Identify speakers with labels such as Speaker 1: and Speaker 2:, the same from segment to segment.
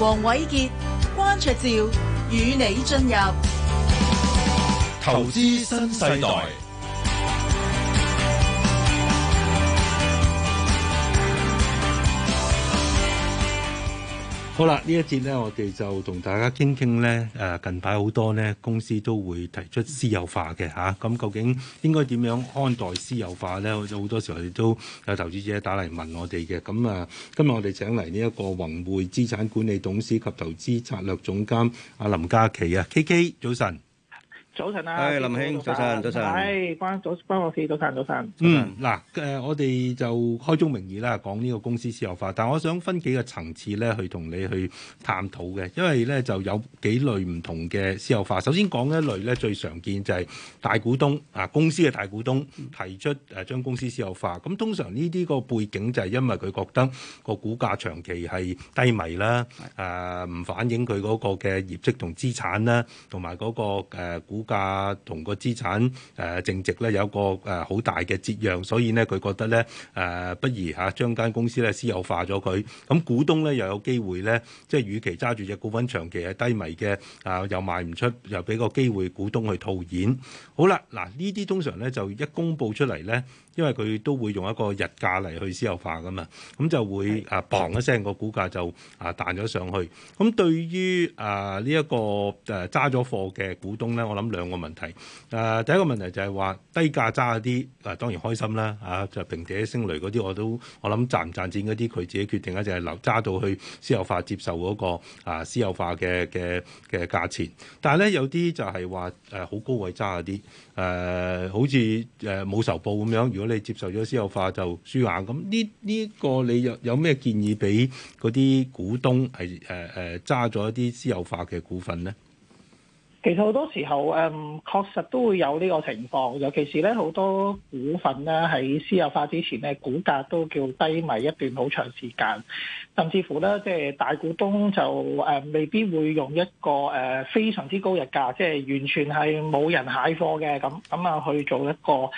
Speaker 1: 王偉傑、關卓照與你進入
Speaker 2: 投資新世代。好啦，呢一節呢，我哋就同大家傾傾呢。誒，近排好多呢公司都會提出私有化嘅吓，咁究竟應該點樣看待私有化呢？好多時候我哋都有投資者打嚟問我哋嘅。咁啊，今日我哋請嚟呢一個宏滙資產管理董事及投資策略總監阿林嘉麒啊，KK，早晨。早晨
Speaker 3: 啊，係林兄，早晨，
Speaker 2: 早晨，係，關早關，關我事，早晨，早晨。嗯，嗱，誒，我哋就開宗明義啦，講呢個公司私有化，但係我想分幾個層次咧，去同你去探討嘅，因為咧就有幾類唔同嘅私有化。首先講一類咧，最常見就係大股東啊，公司嘅大股東提出誒將公司私有化。咁通常呢啲個背景就係因為佢覺得股、呃、個，個股價長期係低迷啦，誒唔反映佢嗰個嘅業績同資產啦，同埋嗰個誒股。價同個資產誒淨值咧有一個誒好大嘅折讓，所以呢，佢覺得咧誒，不如吓將間公司咧私有化咗佢，咁股東咧又有機會咧，即係與其揸住隻股份長期係低迷嘅啊，又賣唔出，又俾個機會股東去套現好了。好啦，嗱呢啲通常咧就一公布出嚟咧。因為佢都會用一個溢價嚟去私有化噶嘛，咁就會啊嘭一聲個股價就啊彈咗上去。咁對於啊呢一個誒揸咗貨嘅股東咧，我諗兩個問題。誒、呃、第一個問題就係話低價揸下啲，誒、呃、當然開心啦，啊就是、平地一聲雷嗰啲我都我諗賺唔賺錢嗰啲佢自己決定了、那個、啊，就係留揸到去私有化接受嗰個啊私有化嘅嘅嘅價錢。但係咧有啲就係話誒好高位揸下啲誒，好似誒冇仇報咁樣，如果你接受咗私有化就輸硬咁呢？呢個你有有咩建議俾嗰啲股東係誒誒揸咗一啲私有化嘅股份呢？
Speaker 3: 其實好多時候誒，確、嗯、實都會有呢個情況，尤其是咧好多股份咧喺私有化之前咧，股價都叫低迷一段好長時間。甚至乎咧，即係大股東就誒未必會用一個誒非常之高溢價，即係完全係冇人蟹貨嘅咁咁啊，去做一個誒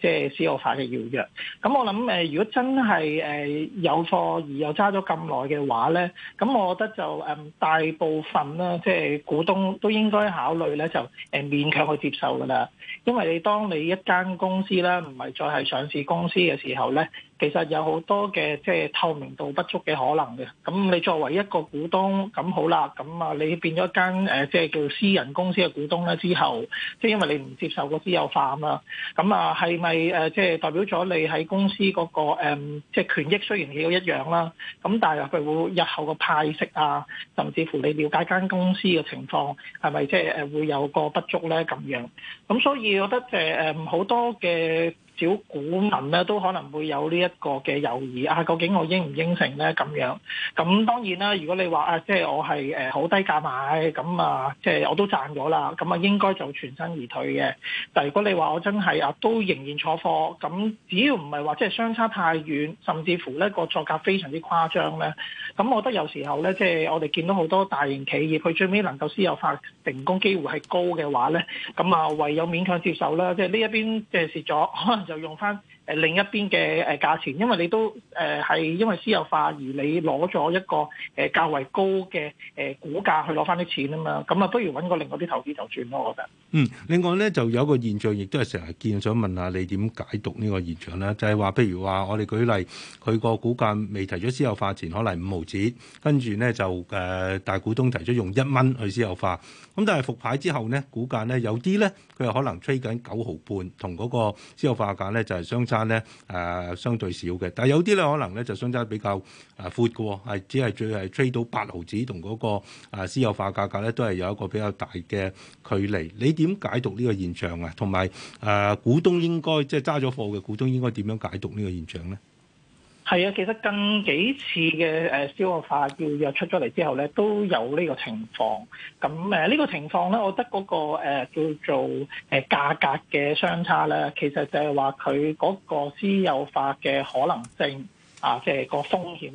Speaker 3: 即係私有化嘅要約。咁我諗誒，如果真係誒有貨而又揸咗咁耐嘅話咧，咁我覺得就誒大部分咧，即係股東都應該考慮咧，就誒勉強去接受噶啦。因為你當你一間公司咧唔係再係上市公司嘅時候咧。其實有好多嘅即係透明度不足嘅可能嘅，咁你作為一個股東咁好啦，咁啊你變咗間誒即係叫私人公司嘅股東咧之後，即係因為你唔接受個私有化啊嘛，咁啊係咪即係代表咗你喺公司嗰個誒即係權益雖然幾多一樣啦，咁但係佢會日後個派息啊，甚至乎你了解間公司嘅情況係咪即係誒會有個不足咧咁樣，咁所以我覺得誒誒好多嘅。少股民咧都可能會有呢一個嘅猶豫啊，究竟我應唔應承咧咁樣？咁當然啦，如果你話啊，即係我係誒好低價買咁啊，即係我都賺咗啦，咁啊應該就全身而退嘅。但係如果你話我真係啊都仍然坐貨，咁只要唔係話即係相差太遠，甚至乎咧個作價非常之誇張咧，咁我覺得有時候咧即係我哋見到好多大型企業，佢最尾能夠私有化成功機會係高嘅話咧，咁啊唯有勉強接受啦。即係呢一邊即係蝕咗，可能，就係就用翻。誒，另一邊嘅，誒價錢，因為你都誒係因為私有化而你攞咗一個誒較為高嘅誒股價去攞翻啲錢啊嘛，咁啊不如揾個另外啲投資就轉咯，
Speaker 2: 我覺得。嗯，另外咧就有個現象，亦都係成日見，想問下你點解讀呢個現象咧？就係話，譬如話我哋舉例，佢個股價未提出私有化前可能五毫紙，跟住咧就誒大股東提出用一蚊去私有化，咁但係復牌之後咧，股價咧有啲咧佢係可能吹緊九毫半，同嗰個私有化價咧就係相差。咧，誒相對少嘅，但係有啲咧可能咧就相差比較誒闊嘅，係只係最係追到八毫子，同嗰個誒私有化價格咧都係有一個比較大嘅距離。你點解讀呢個現象啊？同埋誒股東應該即係揸咗貨嘅股東應該點樣解讀呢個現象咧？
Speaker 3: 係啊，其實近幾次嘅誒私有化叫約出咗嚟之後咧，都有呢個情況。咁誒呢個情況咧，我覺得嗰個叫做誒價格嘅相差咧，其實就係話佢嗰個私有化嘅可能性。啊，即係個風險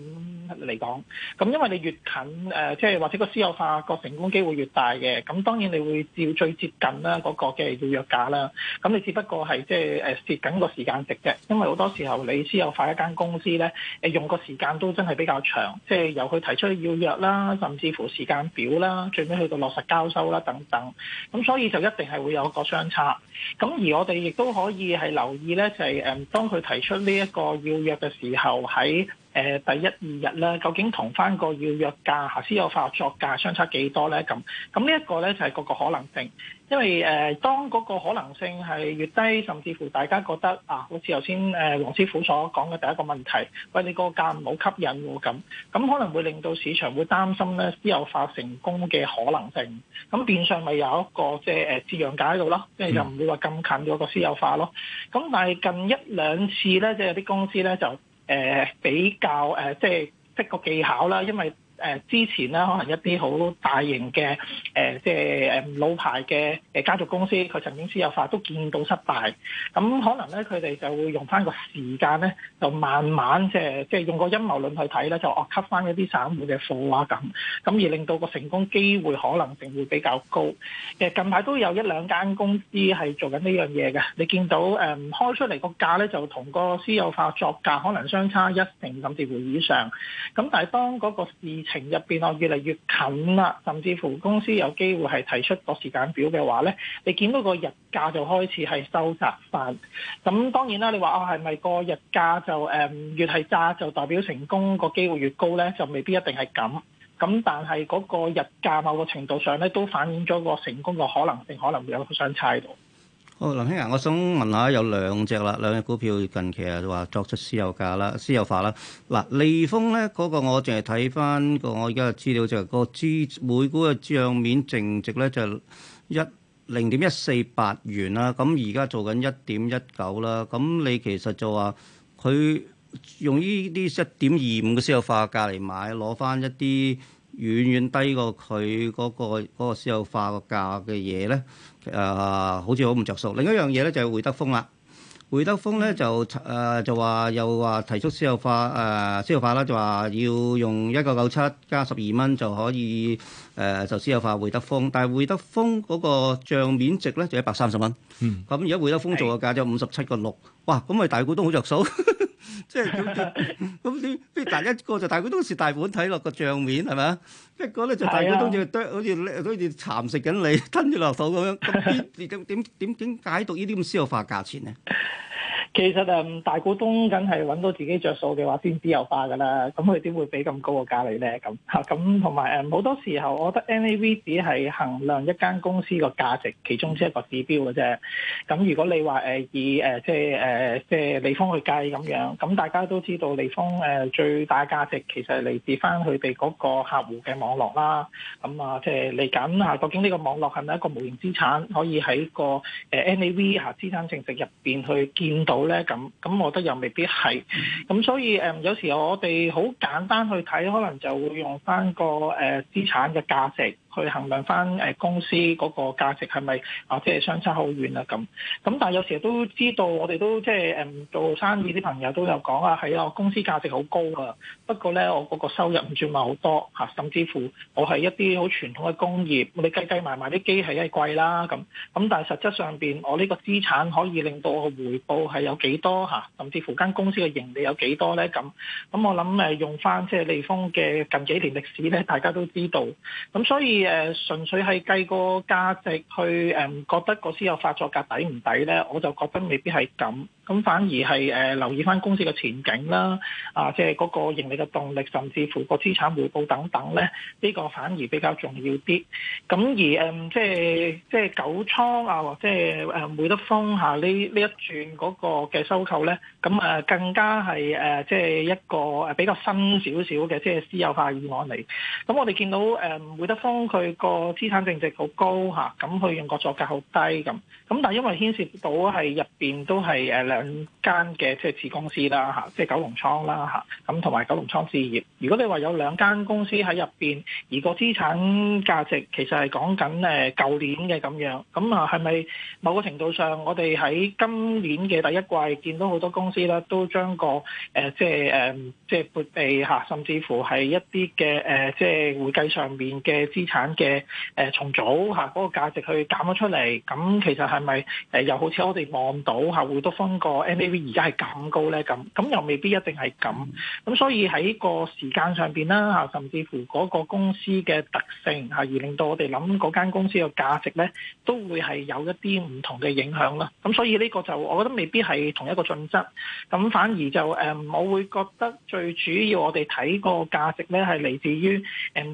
Speaker 3: 嚟講，咁因為你越近誒，即係或者個私有化個成功機會越大嘅，咁當然你會照最接近啦嗰個嘅要約價啦，咁你只不過係即係誒蝕緊個時間值啫，因為好多時候你私有化一間公司咧，誒用個時間都真係比較長，即係由佢提出的要約啦，甚至乎時間表啦，最尾去到落實交收啦等等，咁所以就一定係會有一個相差。咁而我哋亦都可以係留意咧，就係誒當佢提出呢一個要約嘅時候。喺誒、呃、第一二日咧，究竟同翻個要約價、私有化作價相差幾多咧？咁咁呢一個咧就係、是、嗰個可能性，因為誒、呃、當嗰個可能性係越低，甚至乎大家覺得啊，好似頭先誒黃師傅所講嘅第一個問題，喂你個價唔好吸引喎、哦、咁，咁可能會令到市場會擔心咧私有化成功嘅可能性，咁變相咪有一個即係誒折讓價喺度咯，即係就唔、是呃、會話咁近嗰個私有化咯。咁但係近一兩次咧，即係有啲公司咧就。誒、呃、比較誒、呃、即係識個技巧啦，因為。誒之前咧，可能一啲好大型嘅即係誒老牌嘅家族公司，佢曾經私有化都見到失敗，咁可能咧，佢哋就會用翻個時間咧，就慢慢即係即係用個陰謀論去睇咧，就惡吸翻一啲散戶嘅貨啊咁，咁而令到個成功機會可能性會比較高。其實近排都有一兩間公司係做緊呢樣嘢嘅，你見到誒、呃、開出嚟個價咧，就同個私有化作價可能相差一成甚至乎以上。咁但係當嗰個市情入邊，我越嚟越近啦，甚至乎公司有機會係提出個時間表嘅話咧，你見到個日價就開始係收窄翻。咁當然啦，你話我係咪個日價就誒、嗯、越係炸就代表成功個機會越高咧？就未必一定係咁。咁但係嗰個日價某個程度上咧，都反映咗個成功個可能性，可能會有相差到。
Speaker 4: 好，林兄啊，我想問下有兩隻啦，兩隻股票近期啊就話作出私有價啦、私有化啦。嗱，利豐咧嗰個我淨係睇翻個，我而家嘅資料就係嗰支每股嘅帳面淨值咧就一零點一四八元啦，咁而家做緊一點一九啦，咁你其實就話佢用呢啲一點二五嘅私有化價嚟買攞翻一啲。遠遠低過佢嗰個私有化個價嘅嘢咧，誒、呃、好似好唔着數。另一樣嘢咧就係匯德豐啦，匯德豐咧就誒、呃、就話又話提出私有化誒、呃、私有化啦，就話要用一九九七加十二蚊就可以誒、呃、就私有化匯德豐，但係匯德豐嗰個帳面值咧就一百三十蚊，嗯，咁而家匯德豐做嘅價就五十七個六，哇，咁咪大股東好着數。 即係咁，咁啲啲大一個就大股東食大碗，睇落個帳面係咪？一個咧就是大股東就都好似好似蠶食緊你吞住落肚咁樣。咁點點點點解讀呢啲咁私有化價錢咧？其實誒大股
Speaker 3: 東梗係揾到自己著數嘅話，先私有化㗎啦。咁佢點會俾咁高個價你咧？咁嚇咁同埋誒好多時候，我覺得 N A V 只係衡量一間公司個價值其中之一個指標嘅啫。咁如果你話誒以誒即係誒即係利豐去計咁樣，咁大家都知道利豐誒最大價值其實係嚟自翻佢哋嗰個客戶嘅網絡啦。咁啊即係嚟緊嚇，究竟呢個網絡係咪一個無形資產，可以喺個誒 N A V 嚇資產淨值入邊去見到？咧咁咁，我覺得又未必係咁，所以誒，有時候我哋好簡單去睇，可能就會用翻個誒資產嘅價值。去衡量翻誒公司嗰個價值係咪啊，即係相差好遠啊咁。咁但係有時都知道，我哋都即係誒做生意啲朋友都有講啊，係啊，我公司價值好高啊。不過咧，我嗰個收入唔算話好多嚇，甚至乎我係一啲好傳統嘅工業，我哋計計埋埋啲機器係貴啦咁。咁但係實質上邊我呢個資產可以令到我嘅回報係有幾多嚇？甚至乎間公司嘅盈利有幾多咧咁？咁我諗誒用翻即係利豐嘅近幾年歷史咧，大家都知道。咁所以誒純粹係計個價值去誒，覺得個私有化作價抵唔抵咧？我就覺得未必係咁。咁反而係誒、呃、留意翻公司嘅前景啦，啊，即係嗰個盈利嘅動力，甚至乎個資產回報等等咧，呢、呢個反而比較重要啲。咁而誒即係即係九倉啊，或者係、就、誒、會德豐嚇呢呢一轉嗰個嘅收購咧，咁、啊、更加係誒即係一個比較新少少嘅即係私有化議案嚟。咁我哋見到、啊、會德豐佢個資產淨值好高，咁佢、啊嗯、用個作價好低咁，咁但係因為牽涉到係入邊都係兩間嘅即係子公司啦嚇，即係九龍倉啦嚇，咁同埋九龍倉置業。如果你話有兩間公司喺入邊，而個資產價值其實係講緊誒舊年嘅咁樣，咁啊係咪某個程度上，我哋喺今年嘅第一季見到好多公司啦，都將個誒即係誒、呃、即係撥備嚇，甚至乎係一啲嘅誒即係會計上面嘅資產嘅誒、呃、重組嚇，嗰、啊、個價值去減咗出嚟，咁其實係咪誒又好似我哋望到嚇會、啊、都分？個 NAV 而家係咁高呢，咁咁又未必一定係咁，咁所以喺個時間上面啦，甚至乎嗰個公司嘅特性，而令到我哋諗嗰間公司嘅價值呢，都會係有一啲唔同嘅影響啦。咁所以呢個就，我覺得未必係同一個準則，咁反而就我會覺得最主要我哋睇個價值呢係嚟自於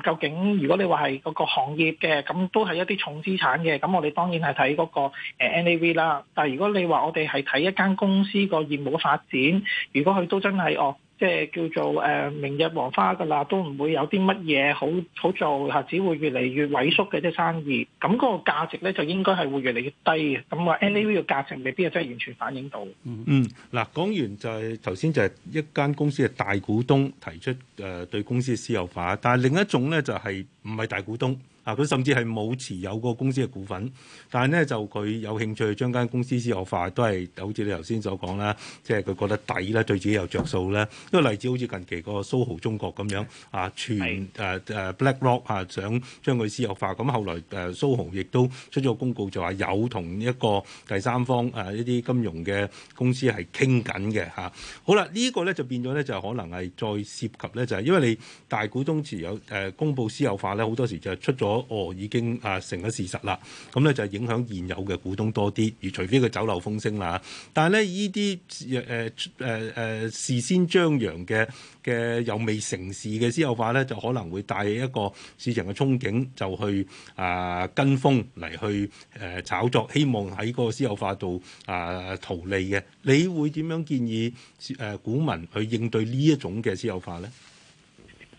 Speaker 3: 究竟如果你話係嗰個行業嘅，咁都係一啲重資產嘅，咁我哋當然係睇嗰個 NAV 啦。但如果你話我哋係睇一間，公司個業務發展，如果佢都真係哦，即係叫做誒明日黃花㗎啦，都唔會有啲乜嘢好好做，或者會越嚟越萎縮嘅啲生意，咁嗰個價值咧就應該係會越嚟越低嘅。咁話 N A V 嘅價值未必係真係完全反映到。嗯，
Speaker 2: 嗱講完就係頭先就係一間公司嘅大股東提出誒對公司私有化，但係另一種咧就係唔係大股東。啊！佢甚至係冇持有個公司嘅股份，但係咧就佢有興趣將間公司私有化，都係好似你頭先所講啦，即係佢覺得抵啦，對自己又着數啦。一個例子好似近期個蘇豪中國咁樣，啊全誒誒、啊、BlackRock 啊，想將佢私有化，咁、啊、後來誒、呃、蘇豪亦都出咗公告，就話有同一個第三方誒一啲金融嘅公司係傾緊嘅嚇。好啦，這個、呢個咧就變咗咧就可能係再涉及咧就係、是、因為你大股東持有誒、呃、公佈私有化咧，好多時就出咗。我、哦、已經啊成咗事實啦，咁咧就影響現有嘅股東多啲，而除非佢走漏風聲啦。但係咧呢啲誒誒誒事先張揚嘅嘅又未成事嘅私有化咧，就可能會帶起一個市場嘅憧憬，就去啊、呃、跟風嚟去誒炒作，希望喺個私有化度啊套利嘅。你會點樣建議誒股、呃、民去應對呢一種嘅私有化咧？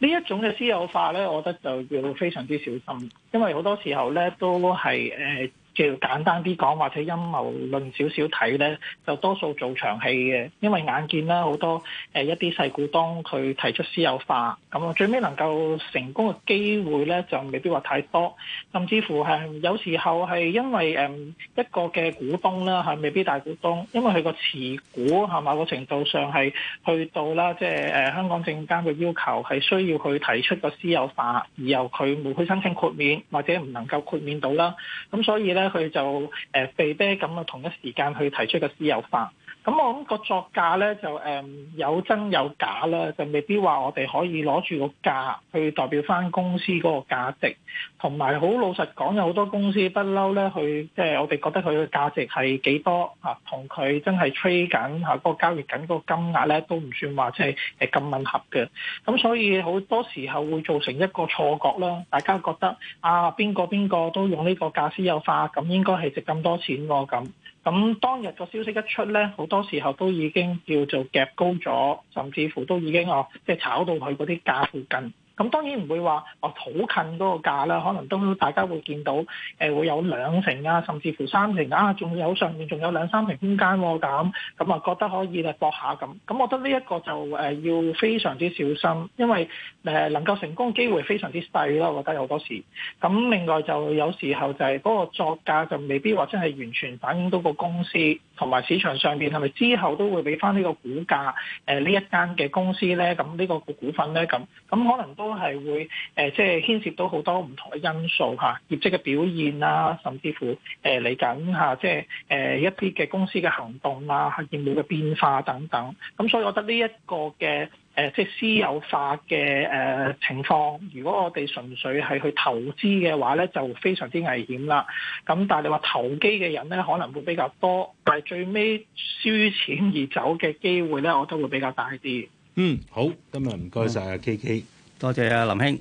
Speaker 3: 呢一種嘅私有化咧，我覺得就要非常之小心，因為好多時候咧都係誒。叫簡單啲講，或者陰謀論少少睇咧，就多數做長氣嘅，因為眼見啦，好多一啲細股東佢提出私有化咁最尾能夠成功嘅機會咧就未必話太多，甚至乎係有時候係因為誒一個嘅股東啦，未必大股東，因為佢個持股係某個程度上係去到啦，即係香港證監嘅要求係需要佢提出個私有化，而由佢冇去申請豁免或者唔能夠豁免到啦，咁所以咧。咧佢就誒被逼咁啊，同一時間去提出個私有化。咁我諗個作價咧就誒有真有假啦，就未必話我哋可以攞住個價去代表翻公司嗰個價值。同埋好老實講，有好多公司不嬲咧，佢即係我哋覺得佢嘅價值係幾多同佢、啊、真係 trading 緊嗰個交易緊個、啊、金額咧都唔算話即係咁吻合嘅。咁所以好多時候會造成一個錯覺啦，大家覺得啊邊個邊個都用呢個價私有化咁應該係值咁多錢喎、啊、咁。咁當日個消息一出咧，好多時候都已經叫做夾高咗，甚至乎都已經哦，即係炒到佢嗰啲價附近。咁當然唔會話哦，好近嗰個價啦，可能都大家會見到誒，會有兩成啊，甚至乎三成啊，仲有上面仲有兩三成空間喎，咁咁啊覺得可以咧搏下咁。咁我覺得呢一個就誒要非常之小心，因為能夠成功機會非常之細啦，我覺得有好多時。咁另外就有時候就係嗰個作價就未必話真係完全反映到個公司同埋市場上面，係咪之後都會俾翻呢個股價呢一間嘅公司咧？咁呢個股份咧咁咁可能都。都係會誒，即係牽涉到好多唔同嘅因素吓，業績嘅表現啦，甚至乎誒，嚟緊吓，即係誒一啲嘅公司嘅行動啦，業務嘅變化等等。咁所以我覺得呢一個嘅誒，即係私有化嘅誒情況，如果我哋純粹係去投資嘅話咧，就非常之危險啦。咁但係你話投機嘅人咧，可能會比較多，但係最尾輸錢而走嘅機會咧，我都會比較大啲。嗯，
Speaker 2: 好，今日唔該晒阿 K K。多謝啊，林兄。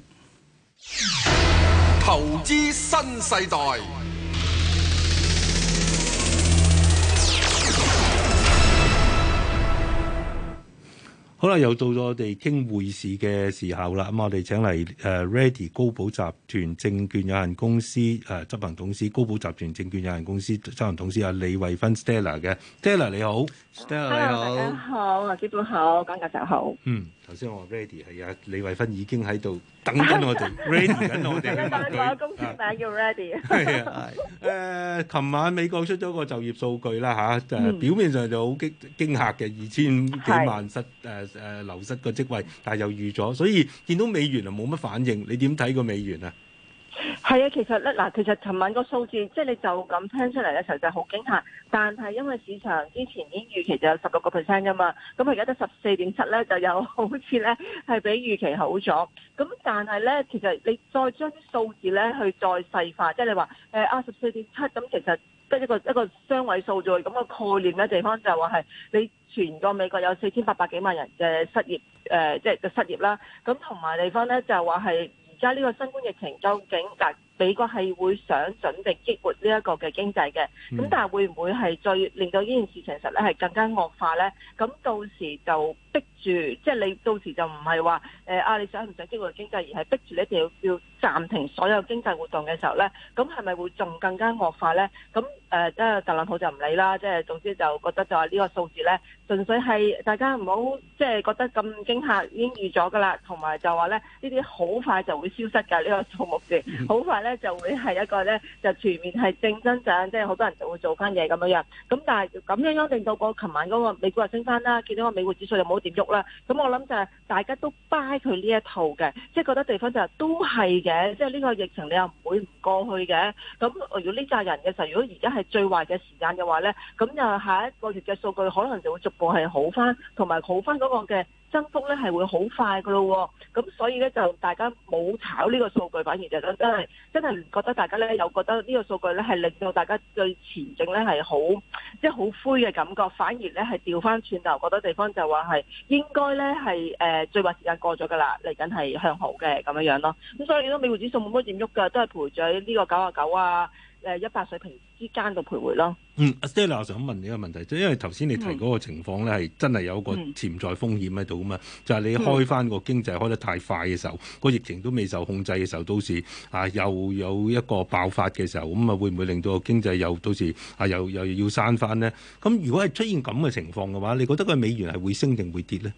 Speaker 3: 投資新世代。
Speaker 2: 好啦，又到咗我哋傾匯市嘅時候啦。咁我哋請嚟誒 Ready 高寶集團證券有限公司誒、啊、執行董事高寶集團證券有限公司執行董事啊李慧芬 Stella，嘅 Stella 你好 Stella 你好，Hello, 大家
Speaker 1: 好，基本好，講價就好，嗯。
Speaker 2: 頭先我話 ready 係啊，李慧芬已經喺度等緊我 ，ready 哋緊我哋。佢個公司名
Speaker 1: 叫 ready。 係
Speaker 2: 啊，誒、啊，琴、哎呃、晚美國出咗個就業數據啦，嚇、啊，誒、呃嗯，表面上就好驚驚嚇嘅，二千幾萬失誒誒、嗯呃呃、流失個職位，但係又預咗，所以見到美元啊冇乜反應，你點睇個美元啊？
Speaker 1: 係啊，其實咧嗱，其實尋晚個數字，即係你就咁聽出嚟嘅時候就好驚嚇，但係因為市場之前已經預期就有十六個 percent 噶嘛，咁而家得十四點七咧，就有好似咧係比預期好咗。咁但係咧，其實你再將啲數字咧去再細化，即係你話誒，十四點七，咁其實即係一個一個雙位數字喎。咁個概念嘅地方就係話，係你全個美國有四千八百幾萬人嘅失業誒，即係嘅失業啦。咁同埋地方咧就係話係。而家呢個新冠疫情究竟大？美國係會想準備激活呢一個嘅經濟嘅，咁但係會唔會係再令到呢件事情實咧係更加惡化咧？咁到時就逼住，即係你到時就唔係話誒啊，你想唔想激活經濟，而係逼住你一定要要暫停所有經濟活動嘅時候咧，咁係咪會仲更加惡化咧？咁誒，即係特朗普就唔理啦，即係總之就覺得就話呢個數字咧，純粹係大家唔好即係覺得咁驚嚇，已經預咗噶啦，同埋就話咧呢啲好快就會消失㗎呢個數目字，好快咧。就會係一個咧，就全面係正增長，即係好多人就會做翻嘢咁樣樣。咁但係咁樣樣令到嗰個琴晚嗰個美股又升翻啦，見到個美匯指數又冇點喐啦。咁我諗就係大家都掰佢呢一套嘅，即係覺得地方就係都係嘅，即係呢個疫情你又唔會唔過去嘅。咁如果呢扎人嘅時候，如果而家係最壞嘅時間嘅話咧，咁就下一個月嘅數據可能就會逐步係好翻，同埋好翻嗰個嘅。增幅咧係會好快噶咯。哦，咁所以咧就大家冇炒呢個數據，反而就真真係真係唔覺得大家咧有覺得呢個數據咧係令到大家對前景咧係好即係好灰嘅感覺，反而咧係調翻轉頭，覺得地方就話係應該咧係誒最壞時間過咗噶啦，嚟緊係向好嘅咁樣樣咯。咁所以你都美匯指數冇乜點喐噶，都係陪住喺呢個九啊九啊。誒一百水平之間
Speaker 2: 嘅徘徊咯。嗯，阿 Stella，我想問你一個問題，即係因為頭先你提嗰個情況咧，係真係有個潛在風險喺度啊嘛，就係你開翻個經濟開得太快嘅時候，個疫情都未受控制嘅時候，到時啊又有一個爆發嘅時候，咁啊會唔會令到個經濟又到時啊又又要閂翻呢？咁如果係出現咁嘅情況嘅話，你覺得個美元係會升定會跌呢？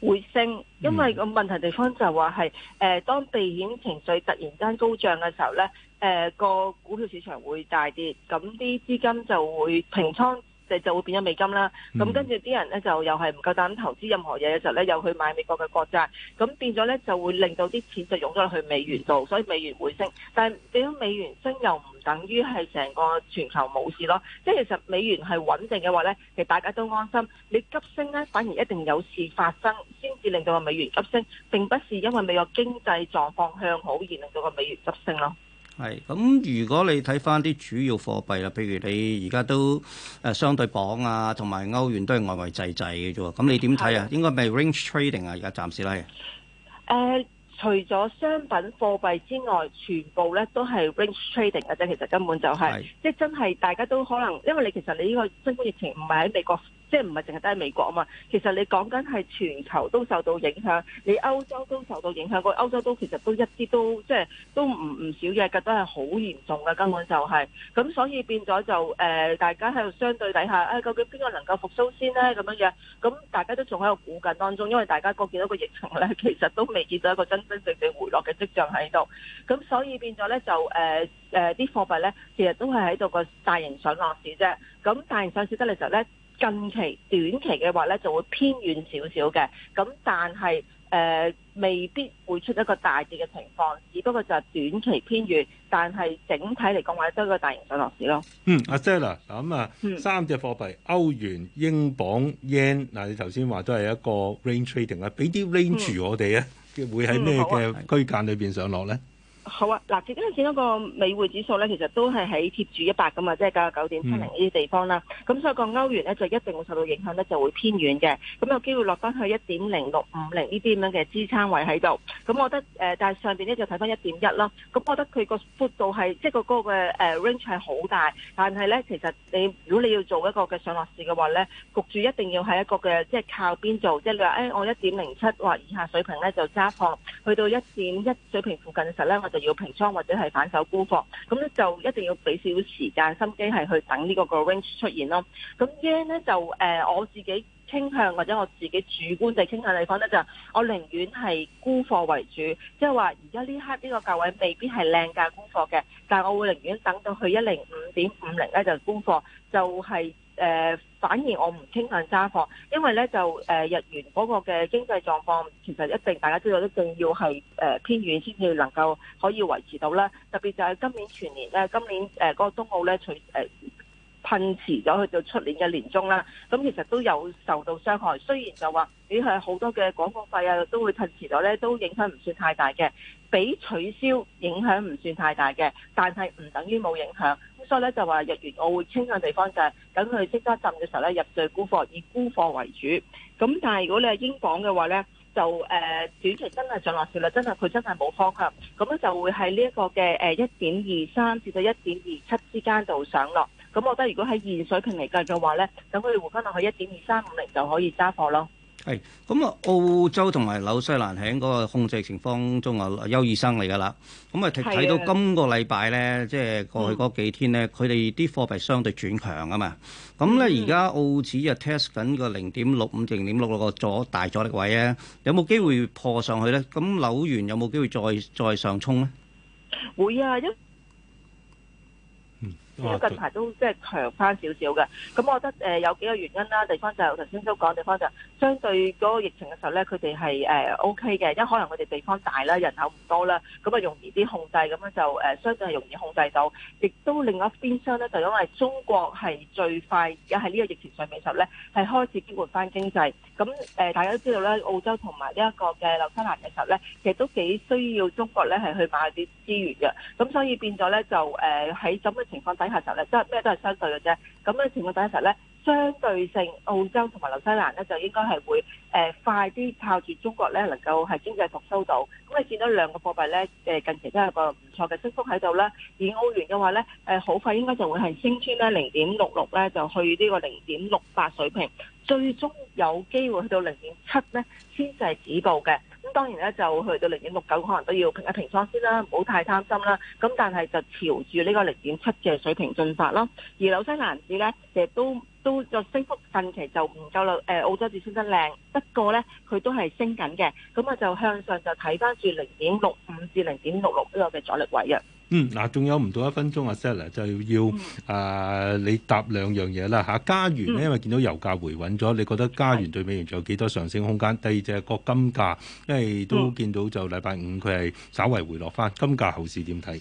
Speaker 1: 回升，因為個問題的地方就話係誒，當避險情緒突然間高漲嘅時候咧。誒、呃，個股票市場會大跌，咁啲資金就會平倉，就就會變咗美金啦。咁跟住啲人咧就又係唔夠膽投資任何嘢嘅時候咧，又去買美國嘅國債，咁變咗咧就會令到啲錢就湧咗去美元度，所以美元回升。但係變咗美元升又唔等於係成個全球冇事咯，即係其實美元係穩定嘅話咧，其實大家都安心。你急升咧，反而一定有事發生，先至令到個美元急升，並不是因為美國經濟狀況向好而令到個美元急升咯。
Speaker 4: 係咁，如果你睇翻啲主要貨幣啦，譬如你而家都誒相對磅啊，同埋歐元都係外圍滯滯嘅啫喎，咁你點睇啊？是應該咪 range trading 啊？而家暫時咧。
Speaker 1: 誒、呃，除咗商品貨幣之外，全部咧都係 range trading 嘅啫。其實根本就係、是，是的即係真係大家都可能，因為你其實你呢個新冠疫情唔係喺美國。即係唔係淨係低喺美國啊嘛？其實你講緊係全球都受到影響，你歐洲都受到影響，個歐洲都其實都一啲都即係都唔唔少嘢嘅，都係好嚴重嘅根本就係、是。咁所以變咗就誒、呃，大家喺度相對底下，誒、哎、究竟邊個能夠復甦先呢？咁樣樣，咁大家都仲喺度估緊當中，因為大家個見到個疫情咧，其實都未見到一個真真正正的回落嘅跡象喺度。咁所以變咗咧就誒誒啲貨幣咧，其實都係喺度個大型上落市啫。咁大型上市得嚟就咧。近期短期嘅話咧，就會偏遠少少嘅。咁但係、呃、未必會出一個大跌嘅情況，只不過就係短期偏遠，但係整體嚟講，話都係一個大型上落市咯。
Speaker 2: 嗯，阿 s e l a 咁啊，三隻貨幣、嗯、歐元、英鎊、yen，嗱你頭先話都係一個 range trading，一 range trading、嗯、啊，俾啲 range 我哋啊，會喺咩嘅區間裏面上落咧？嗯
Speaker 1: 好啊，嗱，最近市嗰個美匯指數咧，其實都係喺貼住一百噶嘛，即係九九點七零呢啲地方啦。咁、嗯、所以個歐元咧就一定會受到影響咧，就會偏軟嘅。咁有機會落翻去一點零六五零呢啲咁樣嘅支撐位喺度。咁我覺得誒、呃，但係上邊咧就睇翻一點一啦。咁我覺得佢個幅度係即係個個嘅誒 range 係好大，但係咧其實你如果你要做一個嘅上落市嘅話咧，焗住一定要喺一個嘅即係靠邊做，即係你話誒我一點零七或以下水平咧就揸放，去到一點一水平附近嘅時候咧我。就。要平倉或者係反手沽貨，咁咧就一定要俾少少時間心機係去等呢個 range 出現咯。咁 yen 咧就誒、呃、我自己傾向或者我自己主觀嘅傾向的地方咧，就我寧願係沽貨為主，即係話而家呢刻呢個價位未必係靚價沽貨嘅，但係我會寧願等到去一零五點五零咧就沽貨，就係、是。誒、呃、反而我唔傾向揸貨，因為咧就誒、呃、日元嗰個嘅經濟狀況其實一定大家都知道一定要係誒、呃、偏軟先至能夠可以維持到啦，特別就係今年全年咧，今年誒、呃嗰個東奧咧取誒。呃噴遲咗去到出年嘅年終啦，咁其實都有受到傷害。雖然就話，咦去好多嘅廣告費啊，都會噴遲咗咧，都影響唔算太大嘅。俾取消影響唔算太大嘅，但係唔等於冇影響。咁所以咧就話日元，我會傾向地方就係等佢即刻浸嘅時候咧入罪沽貨，以沽貨為主。咁但係如果你係英鎊嘅話咧，就誒短期真係上落市啦，真係佢真係冇方向，咁就會喺呢一個嘅誒一點二三至到一點二七之間度上落。咁我
Speaker 4: 覺得如果喺現水平嚟計嘅話咧，等佢哋回翻落去一點二三五零就可以揸貨咯。係咁啊，澳洲同埋紐西蘭喺嗰個控制情況中啊，優異生嚟噶啦。咁啊睇睇到今個禮拜咧，即係過去嗰幾天咧，佢哋啲貨幣相對轉強啊嘛。咁咧而家澳紙啊 test 緊個零點六五定零點六六個左大阻力位咧，有冇機會破上去咧？咁紐元有冇機會再再上衝咧？
Speaker 1: 會啊，因嗯。啊、近排都即係強翻少少嘅。咁我覺得、呃、有幾個原因啦。地方就係頭先都講，地方就相對嗰個疫情嘅時候咧，佢哋係 O K 嘅，因為可能佢哋地方大啦，人口唔多啦，咁啊容易啲控制，咁樣就、呃、相對容易控制到。亦都另一邊廂咧，就因為中國係最快，而家喺呢個疫情上面時候咧，係開始激活翻經濟。咁、呃、大家都知道咧，澳洲同埋呢一個嘅紐西蘭嘅時候咧，其實都幾需要中國咧係去買啲資源嘅，咁所以變咗咧就誒喺咁嘅情況下什麼都是下實咧，即係咩都係相對嘅啫。咁咧，情況底下咧，相對性澳洲同埋紐西蘭咧，就應該係會誒快啲靠住中國咧，能夠係經濟復蘇到。咁你見到兩個貨幣咧，誒近期都係個唔錯嘅升幅喺度咧。而澳元嘅話咧，誒好快應該就會係升穿咧零點六六咧，就去呢個零點六八水平，最終有機會去到零點七咧，先至係止步嘅。當然咧，就去到零點六九，可能都要平一平倉先啦，唔好太貪心啦。咁但係就朝住呢個零點七嘅水平進發咯。而紐西蘭紙咧，其實都都就升幅近期就唔夠落誒澳洲紙升得靚，不過咧佢都係升緊嘅，咁啊就向上就睇翻住零點六五至零點六六都有嘅阻力位啊。
Speaker 2: 嗯，嗱，仲有唔到一分鐘啊 Sally 就要啊、呃，你答兩樣嘢啦嚇，加元呢，因為見到油價回穩咗，你覺得加元對美元仲有幾多上升空間？第二隻係個金價，因為都見到就禮拜五佢係稍為回落翻，金價後市點睇？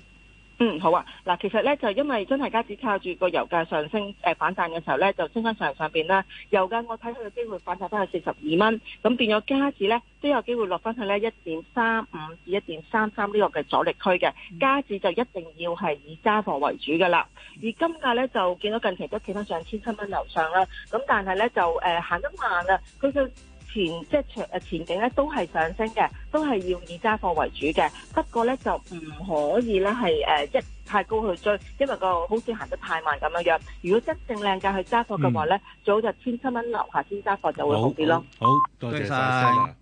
Speaker 1: 嗯，好啊。嗱，其實咧就因為真係加紙靠住個油價上升，誒、呃、反彈嘅時候咧就升翻上上邊啦。油價我睇佢嘅機會反彈翻去四十二蚊，咁變咗加紙咧都有機會落翻去咧一點三五至一點三三呢個嘅阻力區嘅。加紙就一定要係以揸貨為主噶啦。而金價咧就見到近期都企翻上千七蚊樓上啦。咁但係咧就誒行得慢啦佢就。呃，走著走著前即係前前景咧都係上升嘅，都係要以揸貨為主嘅。不過咧就唔可以咧係誒一太高去追，因為個好似行得太慢咁樣樣。如果真正靚價去揸貨嘅話咧，嗯、最好就千七蚊樓下先揸貨就會好啲咯。好
Speaker 4: 多謝晒！